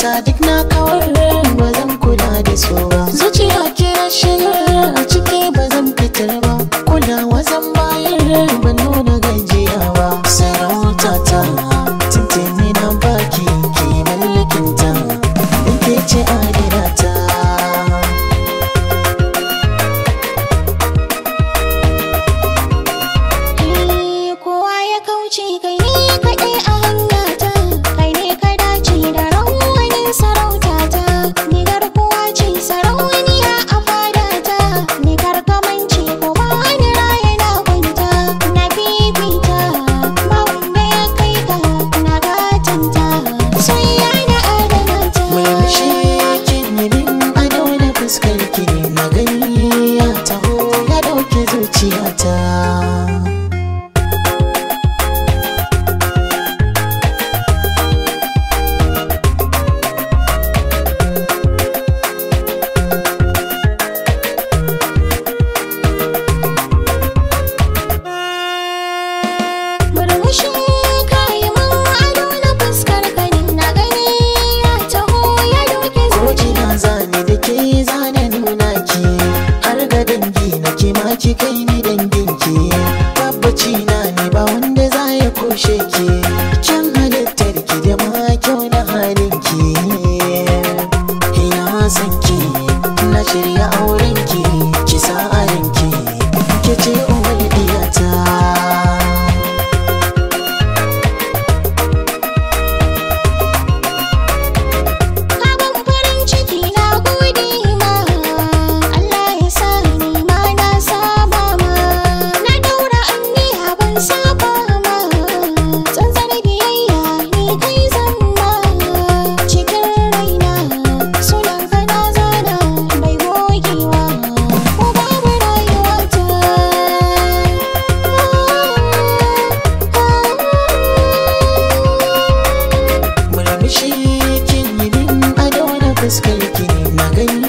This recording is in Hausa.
ta duk na kawar ba zan kula da su ba zuciya ke shirya a ciki ba zan fitar ba kulawa zan bayar ba nuna gajiya ba sarauta ta tuntuni na baki ke mallakinta in ke ce gida ta eh, kowa ya kauce kai cikin kini na gani